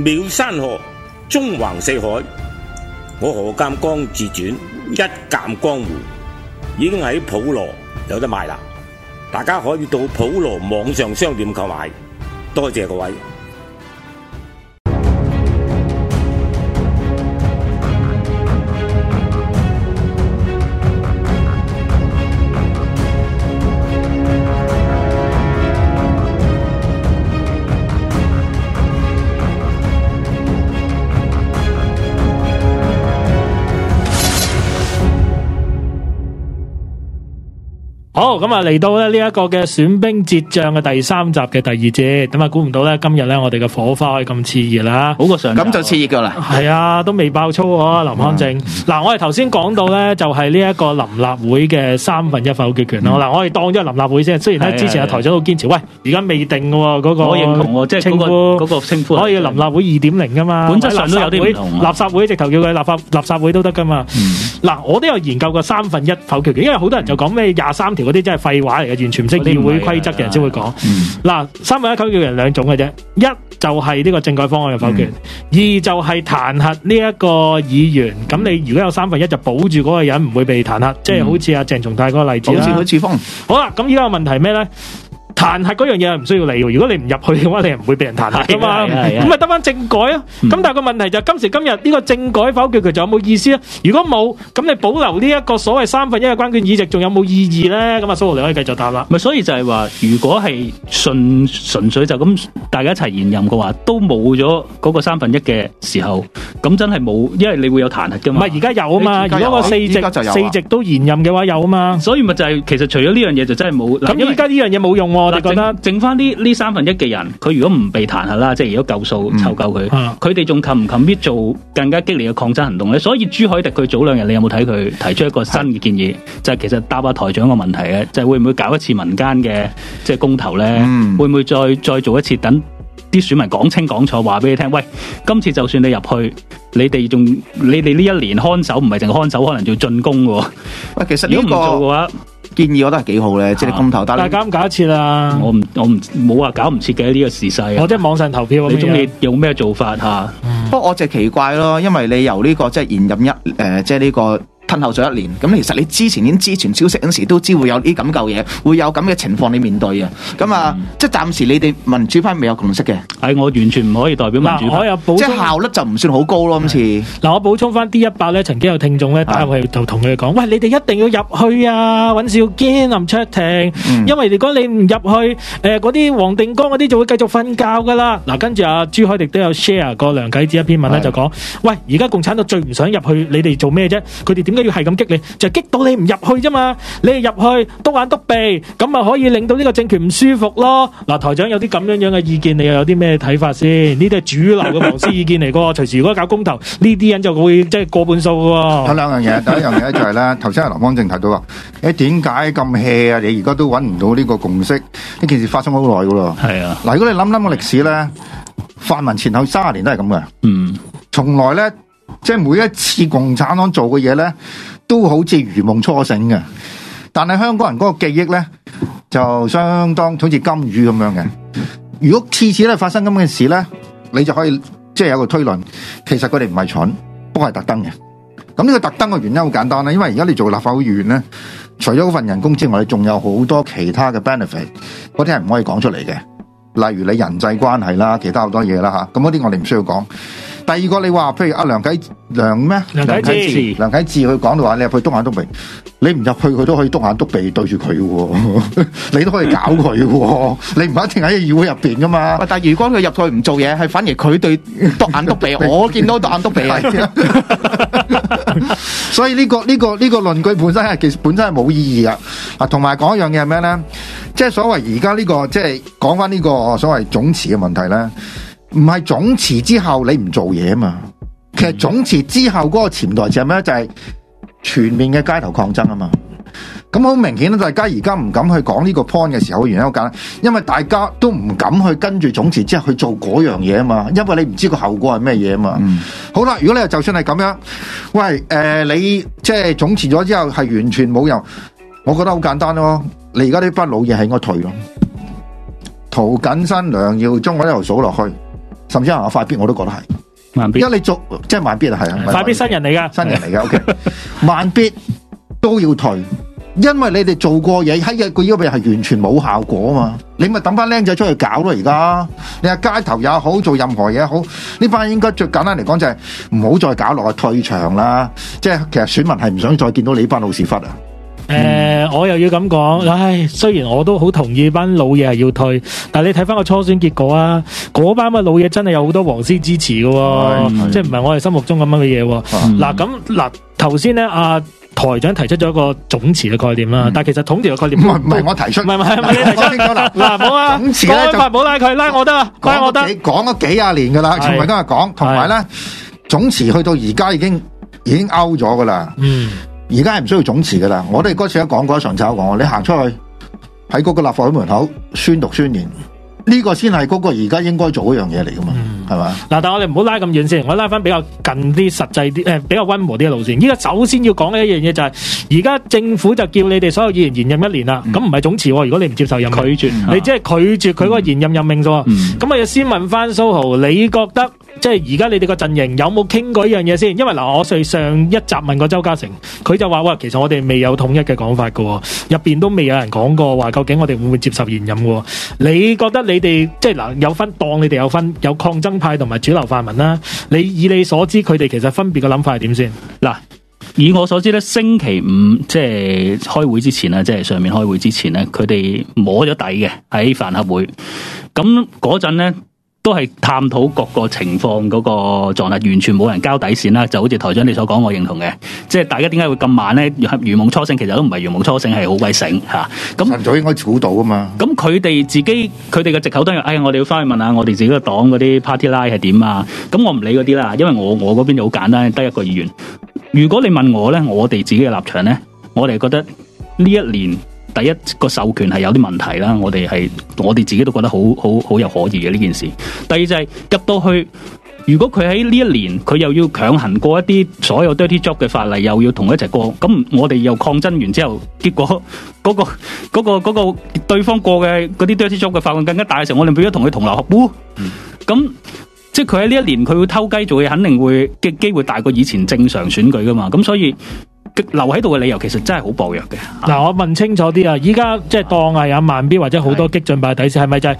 妙山河，縱橫四海。我何鑑光自傳一鑑江湖，已經喺普羅有得賣啦。大家可以到普羅網上商店購買，多謝各位。咁啊，嚟到咧呢一個嘅損兵折將嘅第三集嘅第二節，咁啊，估唔到咧今日咧我哋嘅火花可以咁熾熱啦，好過上咁就熾熱噶啦，係啊，都未爆粗啊林匡正。嗱、嗯，我哋頭先講到咧就係呢一個林立會嘅三分一否決權咯。嗱、嗯，我哋當咗林立會先，雖然之前阿台長都堅持，喂，而家未定嘅嗰、嗰個，我認同，即係嗰、嗰個、嗰個稱呼，可以林立會二點零㗎嘛，本質上都有啲唔同，垃圾會直頭叫佢立法，垃圾會，會，會，會都得噶嘛。嗱、嗯，我都有研究過三分一否決權，因為好多人就講咩廿三條啲。即係廢話嚟嘅，完全唔識議會規則嘅人先會講。嗱、嗯，三分一投叫人兩種嘅啫，一就係呢個政改方案嘅否決，嗯、二就係彈劾呢一個議員。咁、嗯、你如果有三分一就保住嗰個人唔會被彈劾，嗯、即係好似阿鄭松泰嗰個例子好似佢住方。好啦，咁依家個問題係咩呢？彈劾嗰樣嘢係唔需要理，如果你唔入去嘅話，你係唔會俾人彈劾噶嘛。咁咪得翻政改咯。咁但係個問題就係今時今日呢個政改否決佢仲有冇意思咧？如果冇，咁你保留呢一個所謂三分一嘅關鍵議席仲有冇意義咧？咁啊蘇浩你可以繼續答啦。咪所以就係話，如果係純純粹就咁大家一齊延任嘅話，都冇咗嗰個三分一嘅時候，咁真係冇，因為你會有彈劾噶嘛。唔係而家有啊嘛，如果個四席四席都延任嘅話有啊嘛。所以咪就係其實除咗呢樣嘢就真係冇。咁而家呢樣嘢冇用。我哋覺得剩翻呢呢三分一嘅人，佢如果唔被彈劾啦，即係如果夠數湊夠佢，佢哋仲勤唔勤搣做更加激烈嘅抗爭行動咧？所以朱凱迪佢早兩日，你有冇睇佢提出一個新嘅建議？是就係其實答阿台長個問題咧，就係、會唔會搞一次民間嘅即係公投咧？嗯、會唔會再再做一次等？啲選民講清講楚話俾你聽，喂，今次就算你入去，你哋仲你哋呢一年看守唔係淨看守，可能仲要進攻嘅喎。喂，其實個如果唔做嘅話，建議我都係幾好咧，即係金投。但係假唔假設啊？搞搞啊我唔我唔冇話搞唔切嘅呢個時勢、啊。我即係網上投票，你中意用咩做法嚇、啊？啊、不過我就奇怪咯，因為你由呢、這個即係現任一誒、呃，即係呢、這個。吞後咗一年，咁其實你之前已經知傳消息嗰陣時，都知會有啲咁嚿嘢，會有咁嘅情況你面對嘅。咁啊，即係暫時你哋民主派未有共識嘅。係，我完全唔可以代表民主派。即係效率就唔算好高咯，今次。嗱，我補充翻 D100 咧，曾經有聽眾咧，打去就同佢哋講：喂，你哋一定要入去啊，尹兆堅、林卓廷，因為如果你唔入去，誒嗰啲黃定光嗰啲就會繼續瞓覺噶啦。嗱，跟住阿朱凱迪都有 share 過梁啟智一篇文咧，就講：喂，而家共產黨最唔想入去，你哋做咩啫？佢哋點？要係咁激你，就激到你唔入去啫嘛！你入去，督眼督鼻，咁咪可以令到呢個政權唔舒服咯。嗱，台長有啲咁樣樣嘅意見，你又有啲咩睇法先？呢啲係主流嘅謀私意見嚟噶。隨時如果搞公投，呢啲人就會即係過半數噶。睇兩樣嘢，第一樣嘢就係咧，頭先林匡正提到話，誒，點解咁 hea 啊？你而家都揾唔到呢個共識，呢件事發生好耐噶啦。係啊，嗱，如果你諗諗個歷史咧，泛民前後三十年都係咁嘅，嗯，從來咧。即係每一次共產黨做嘅嘢咧，都好似如夢初醒嘅。但係香港人嗰個記憶咧，就相當好似金魚咁樣嘅。如果次次呢發生咁嘅事咧，你就可以即係有個推論，其實佢哋唔係蠢，不過係特登嘅。咁呢個特登嘅原因好簡單啦，因為而家你做立法會議員咧，除咗嗰份人工之外，你仲有好多其他嘅 benefit，嗰啲係唔可以講出嚟嘅。例如你人際關係啦，其他好多嘢啦吓，咁嗰啲我哋唔需要講。第二個你話，譬如阿梁啟梁咩？梁啟智，梁啟智佢講到話，你入去督眼督鼻，你唔入去佢都可以督眼督鼻對住佢、哦， 你都可以搞佢、哦， 你唔一定喺個議會入邊噶嘛。但係如果佢入去唔做嘢，係反而佢對督眼督鼻， 我見到督眼督鼻 所以呢、這個呢、這個呢、這個論據本身係其實本身係冇意義啊。啊，同埋講一樣嘢係咩咧？即、就、係、是、所謂而家呢個，即係講翻呢個所謂總辭嘅問題咧。唔係總辭之後你唔做嘢啊嘛，其實總辭之後嗰個潛台就係咩？就係、是、全面嘅街頭抗爭啊嘛。咁好明顯啦，大家而家唔敢去講呢個 point 嘅時候，原因好簡單，因為大家都唔敢去跟住總辭之後去做嗰樣嘢啊嘛，因為你唔知個後果係咩嘢啊嘛。嗯、好啦，如果你就算係咁樣，喂，誒、呃，你即係總辭咗之後係完全冇人，我覺得好簡單咯、哦。你而家呢啲老嘢係應該退咯。涂謹申、梁耀忠，要將我一路數落去。甚至係快必，我都覺得係慢必。而家你做即係慢必啊，係啊，快必新人嚟噶，新人嚟噶。O K，慢必都要退，因為你哋做過嘢，喺日佢個個嘢係完全冇效果啊嘛。你咪等返僆仔出去搞咯、啊，而家你話街頭也好，做任何嘢好，呢班應該最簡單嚟講就係唔好再搞落去退場啦。即係其實選民係唔想再見到你班老屎忽啊！誒，我又要咁講，唉，雖然我都好同意班老嘢係要退，但係你睇翻個初選結果啊，嗰班嘅老嘢真係有好多黃絲支持嘅，即係唔係我哋心目中咁樣嘅嘢。嗱咁嗱，頭先咧阿台長提出咗一個總辭嘅概念啦，但係其實總辭嘅概念唔係唔係我提出，唔係唔係，你提出咗啦，嗱唔好啊，總辭咧就拉佢，拉我得拉我得，你講咗幾廿年噶啦，從來都係講，同埋咧總辭去到而家已經已經 out 咗噶啦，嗯。而家唔需要總辭㗎喇，我哋嗰次喺講嗰一場就，上我講過你行出去喺嗰個立法會門口宣讀宣言，呢、呢個先係嗰個而家應該做嗰樣嘢嚟㗎嘛。嗯係嘛？嗱，但係我哋唔好拉咁遠先，我拉翻比較近啲實際啲，誒比較溫和啲嘅路線。依家首先要講嘅一樣嘢就係，而家政府就叫你哋所有議員延任一年啦。咁唔係總辭喎，如果你唔接受任拒絕，你即係拒絕佢嗰個延任任命喎。咁我要先問翻蘇浩，你覺得即係而家你哋個陣營有冇傾過一樣嘢先？因為嗱，我上一集問過周家成，佢就話：哇，其實我哋未有統一嘅講法嘅喎，入邊都未有人講過話，究竟我哋會唔會接受延任嘅喎？你覺得你哋即係嗱，有分當你哋有分有抗爭。派同埋主流泛民啦，你以你所知，佢哋其實分別嘅諗法係點先？嗱，以我所知咧，星期五即係開會之前啦，即係上面開會之前咧，佢哋摸咗底嘅喺飯盒會，咁嗰陣咧。都係探討各個情況嗰個狀態，完全冇人交底線啦，就好似台長你所講，我認同嘅。即係大家點解會咁慢呢？如如夢初醒，其實都唔係如夢初醒，係好鬼醒吓。咁晨早應該估到啊嘛。咁佢哋自己佢哋嘅籍口都係。哎，我哋要翻去問下我哋自己個黨嗰啲 party line 係點啊？咁我唔理嗰啲啦，因為我我嗰邊就好簡單，得一個議員。如果你問我呢，我哋自己嘅立場呢，我哋覺得呢一年。第一個授權係有啲問題啦，我哋係我哋自己都覺得好好好有可疑嘅呢件事。第二就係、是、入到去，如果佢喺呢一年佢又要強行過一啲所有 dirty job 嘅法例，又要同佢一齊過，咁我哋又抗爭完之後，結果嗰、那個嗰、那個嗰、那個對方過嘅嗰啲 dirty job 嘅法案更加大嘅時候，我哋變咗同佢同流合污。咁、嗯、即係佢喺呢一年佢會偷雞做嘢，肯定會嘅機會大過以前正常選舉㗎嘛。咁所以。留喺度嘅理由其實真係好薄弱嘅。嗱，我問清楚啲啊，依家即係當係有萬 B 或者好多激進派的底線，係咪是 就係、是、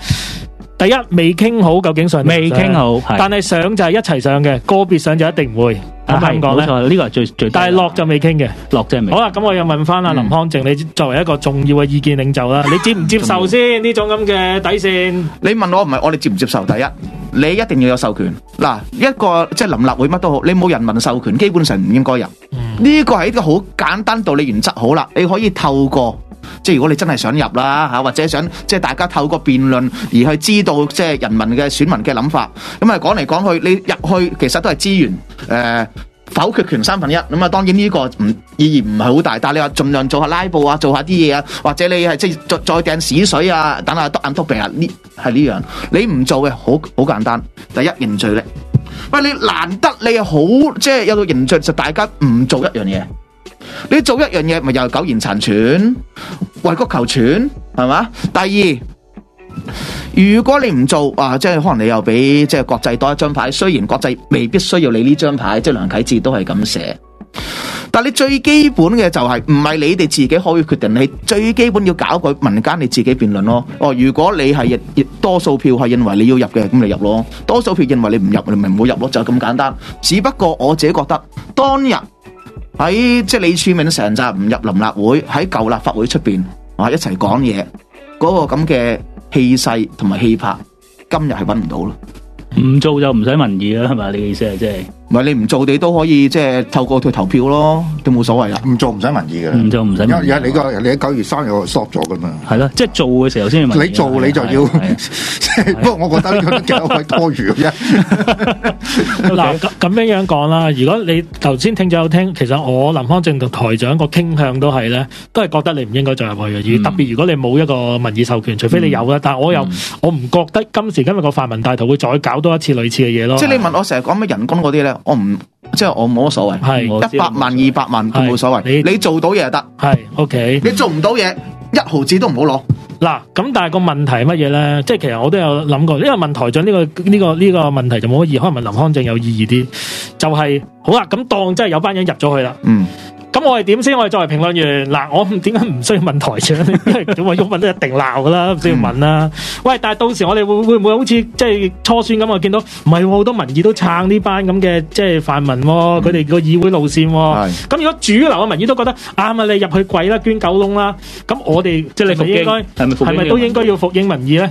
第一未傾好，究竟上未傾好？是但係上就係一齊上嘅，個別上就一定唔會。咁係咁講咧，呢個係最最，但係落就未傾嘅，落真係未。好啦，咁我又問翻阿林匡正，你作為一個重要嘅意見領袖啦，你接唔接受先呢種咁嘅底線？你問我唔係我哋接唔接受？第一，你一定要有授權。嗱，一個即係臨立會乜都好，你冇人民授權，基本上唔應該入。呢個係一個好簡單道理原則。好啦，你可以透過。即係如果你真係想入啦吓，或者想即係大家透過辯論而去知道即係人民嘅選民嘅諗法，咁啊講嚟講去，你入去其實都係資源誒、呃、否決權三分一，咁啊當然呢個唔意義唔係好大，但係你話盡量做下拉布啊，做下啲嘢啊，或者你係即係再再掟屎水啊，等下篤眼篤鼻啊，呢係呢樣，你唔做嘅好好簡單，第一，凝聚力，喂，你難得你好即係有個凝聚，就大家唔做一樣嘢。你做一樣嘢，咪又係苟延殘喘，為國求存，係嘛？第二，如果你唔做啊，即係可能你又比即係國際多一張牌，雖然國際未必需要你呢張牌，即係梁啟智都係咁寫。但你最基本嘅就係唔係你哋自己可以決定，你最基本要搞個民間你自己辯論咯。哦，如果你係多數票係認為你要入嘅，咁你入咯；多數票認為你唔入，你咪唔好入咯，就咁簡單。只不過我自己覺得當日。喺即李柱銘成日唔入臨立會，喺舊立法會出面，啊一齊講嘢，嗰個咁嘅氣勢同埋氣魄，今日係揾唔到啦。唔做就唔使民意啦，係咪？你嘅意思啊，即係。唔係你唔做，你都可以即係透過佢投票咯，都冇所謂啦。唔做唔使民意嘅，唔做唔使。因為而家你個你喺九月三日又縮咗嘅嘛。係咯，即係做嘅時候先要民意。你做你就要，不過我覺得咁嘅多餘啫。嗱咁咁樣樣講啦，如果你頭先聽咗有聽，其實我林匡正同台長個傾向都係咧，都係覺得你唔應該再入去嘅，而特別如果你冇一個民意授權，除非你有啦。但係我又我唔覺得今時今日個泛民大圖會再搞多一次類似嘅嘢咯。即係你問我成日講咩人工嗰啲咧？我唔即係我冇乜所謂，係一百萬、二百萬都冇所謂，是你做到嘢就得，係 OK。你做唔到嘢，一毫子都唔好攞。嗱，咁但係個問題係乜嘢咧？即係其實我都有諗過，呢個問台長呢、呢個呢、呢個呢、呢個問題就冇乜意義，可能問林康正有意義啲。就係、是、好啦，咁當真係有班人入咗去啦。嗯。咁我係點先？我係作為評論員嗱，我點解唔需要問台長？因為點話辱民都一定鬧噶啦，唔需要問啦。喂，但係到時我哋會會唔會好似即係初選咁啊？見到唔係好多民意都撐呢班咁嘅即係泛民，佢哋個議會路線。係咁，如果主流嘅民意都覺得啱，你入去跪啦，捐狗窿啦，咁我哋即係你係咪都應該係咪都應該要服膺民意咧？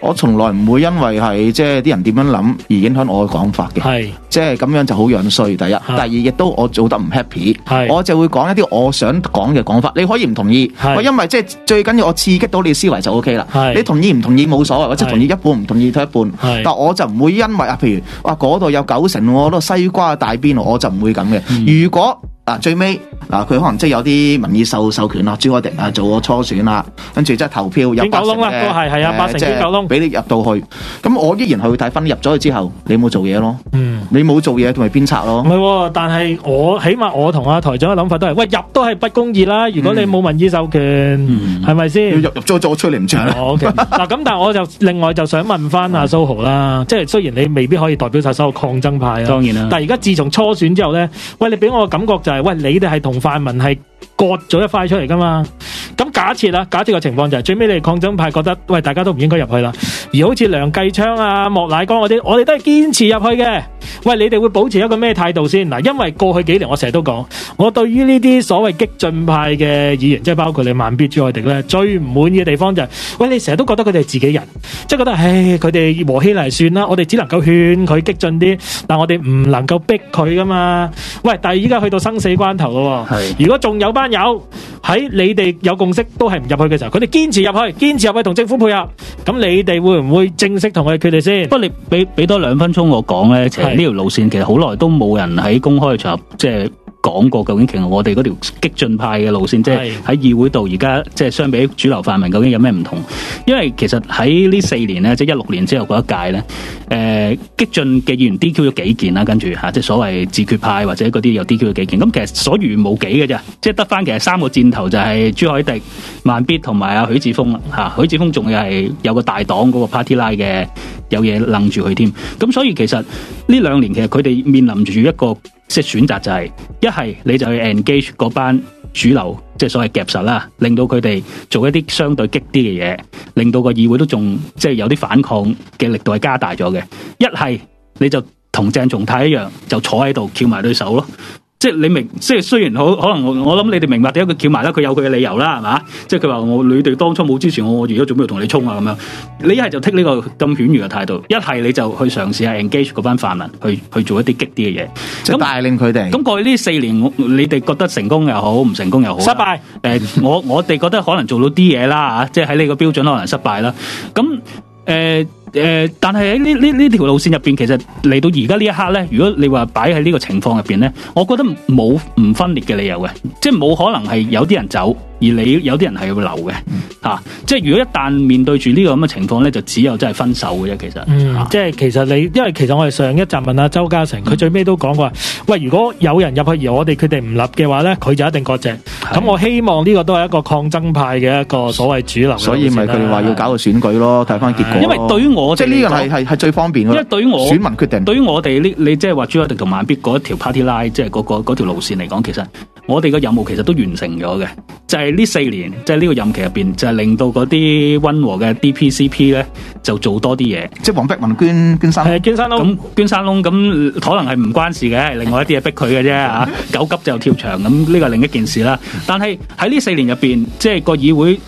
我從來唔會因為係即係啲人點樣諗而影響我嘅講法嘅，即係咁樣就好樣衰。第一，第二亦是都我做得唔 happy，是我就會講一啲我想講嘅講法。你可以唔同意，是因為即、就、係、是、最緊要我刺激到你嘅思維就 OK 啦。是你同意唔同意冇所謂，即係同意一半唔同意佢一半。是但我就唔會因為啊，譬如嗰度、啊、有九成，我都西瓜大邊，我就唔會咁嘅。嗯、如果嗱，最尾嗱，佢可能即係有啲民意授授權啦，朱凱迪啊做咗初選啦，跟住即係投票有九攏啦，係係啊八成九九攏俾你入到去，咁我依然係會睇翻入咗去之後，你冇做嘢咯，嗯，你冇做嘢同埋鞭策咯，唔係，但係我起碼我同阿台長嘅諗法都係，喂，入都係不公義啦，如果你冇民意授權，係咪先？入入咗再出嚟唔出？嗱咁，但係我就另外就想問翻阿蘇浩啦，即係雖然你未必可以代表晒所有抗爭派啦，當然啦，但係而家自從初選之後咧，喂你俾我嘅感覺就係。喂，你哋係同泛民係割咗一塊出嚟噶嘛？咁假設啦，假設個情況就係最尾你哋抗爭派覺得，喂，大家都唔應該入去啦。而好似梁繼昌啊、莫乃光嗰啲，我哋都係堅持入去嘅。喂，你哋會保持一個咩態度先？嗱，因為過去幾年我成日都講，我對於呢啲所謂激進派嘅議員，即係包括你慢必朱凱廸咧，最唔滿意嘅地方就係，喂，你成日都覺得佢哋係自己人，即係覺得唉，佢哋和氣嚟算啦，我哋只能夠勸佢激進啲，但我哋唔能夠逼佢噶嘛。喂，但係依家去到生死關頭咯，喎，係。如果仲有班友喺你哋有共識都係唔入去嘅時候，佢哋堅持入去，堅持入去同政府配合。咁你哋會唔會正式同佢哋決定先？不過你俾俾多兩分鐘我講呢，其實呢條路線其實好耐都冇人喺公開場合，即係。講過，究竟其實我哋嗰條激進派嘅路線，是即係喺議會度而家即係相比主流泛民究竟有咩唔同？因為其實喺呢四年咧，即係一六年之後嗰一屆咧，誒、呃、激進嘅議員 DQ 咗幾件啦，跟住即係所謂自決派或者嗰啲又 DQ 咗幾件，咁其實所餘冇幾嘅啫，即係得翻其實三個箭頭就係、是、朱凱迪、慢必同埋阿許智峰啦，許智峰仲要係有個大黨嗰、那個 Party Line 嘅，有嘢楞住佢添，咁所以其實呢兩年其實佢哋面臨住一個。即係選擇就係一係你就去 engage 嗰班主流，即係所謂夾實啦，令到佢哋做一啲相對激啲嘅嘢，令到個議會都仲即係有啲反抗嘅力度係加大咗嘅。一係你就同鄭松泰一樣，就坐喺度翹埋對手咯。即係你明，即係雖然好，可能我我諗你哋明白點解佢叫埋啦，佢有佢嘅理由啦，係嘛？即係佢話我你哋當初冇支持我，我而家做咩要同你衝啊？咁樣，你一係就剔呢個咁犬儒嘅態度，一係你就去嘗試下 engage 嗰班泛民去去做一啲激啲嘅嘢，咁帶領佢哋。咁過去呢四年，你哋覺得成功又好，唔成功又好，失敗？誒、呃，我我哋覺得可能做到啲嘢啦，吓， 即係喺呢個標準可能失敗啦。咁誒。呃誒、呃，但係喺呢呢呢條路線入邊，其實嚟到而家呢一刻咧，如果你話擺喺呢個情況入邊咧，我覺得冇唔分裂嘅理由嘅，即係冇可能係有啲人走，而你有啲人係要留嘅，吓、嗯啊，即係如果一旦面對住呢個咁嘅情況咧，就只有真係分手嘅啫，其、啊、實、嗯，即係其實你，因為其實我哋上一集問阿、啊、周家成，佢最尾都講過話，嗯、喂，如果有人入去而我哋佢哋唔立嘅話咧，佢就一定割席，咁的我希望呢個都係一個抗爭派嘅一個所謂主流，所以咪佢哋話要搞個選舉咯，睇翻結果，因為對於即係呢個係係係最方便嘅，因為對於我選民決定，對於我哋呢，你即係話朱凱迪同萬必嗰一條 party line，即係嗰個嗰條路線嚟講，其實我哋個任務其實都完成咗嘅。就係呢四年，即係呢個任期入邊，就係令到嗰啲溫和嘅 DPCP 咧，就做多啲嘢。即係黃碧雲捐捐山，係捐山窿，咁捐山窿，咁可能係唔關事嘅，另外一啲嘢逼佢嘅啫啊！狗急就跳牆，咁呢個係另一件事啦。但係喺呢四年入邊，即係個議會。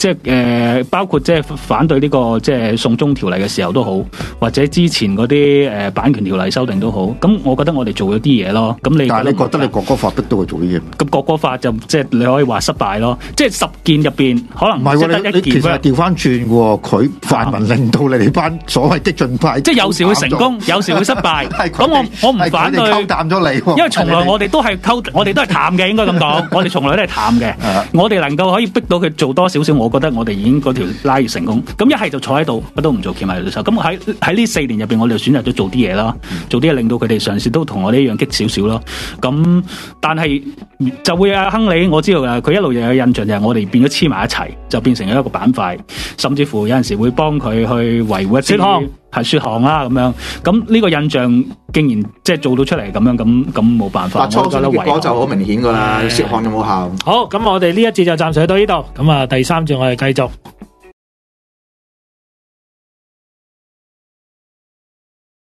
即係誒、呃，包括即係反對呢、呢個即係送中條例嘅時候都好，或者之前嗰啲誒版權條例修訂都好。咁我覺得我哋做咗啲嘢咯。咁你但係你覺得你國歌法逼到佢做啲嘢？咁國歌法就即係你可以話失敗咯。即係十件入邊，可能唔係得一件，啊、其實調翻轉喎，佢泛民令到你哋班所謂嘅激進派，即係、啊就係、有時會成功，有時會失敗。咁 們我我唔反對，淡你你因為從來我哋都係溝，我哋都係淡嘅， 應該咁講。我哋從來都係淡嘅。 我哋能夠可以逼到佢做多少少我。覺得我哋已經嗰條拉越成功，咁一係就坐喺度，乜都唔做騎埋嘅手。咁喺喺呢四年入面，我哋選擇咗做啲嘢啦，做啲嘢令到佢哋嘗試都同我哋一樣激少少咯。咁但係就會啊亨利我知道嘅，佢一路又有印象就係我哋變咗黐埋一齊，就變成咗一個板塊，甚至乎有陣時會幫佢去維護一啲。係雪航啦咁樣，咁呢個印象竟然即係、就是、做到出嚟咁樣，咁咁冇辦法。啊、覺初選結果就好明顯噶啦，的雪航有冇效。好，咁我哋呢一節就暫時去到呢度，咁啊第三節我哋繼續。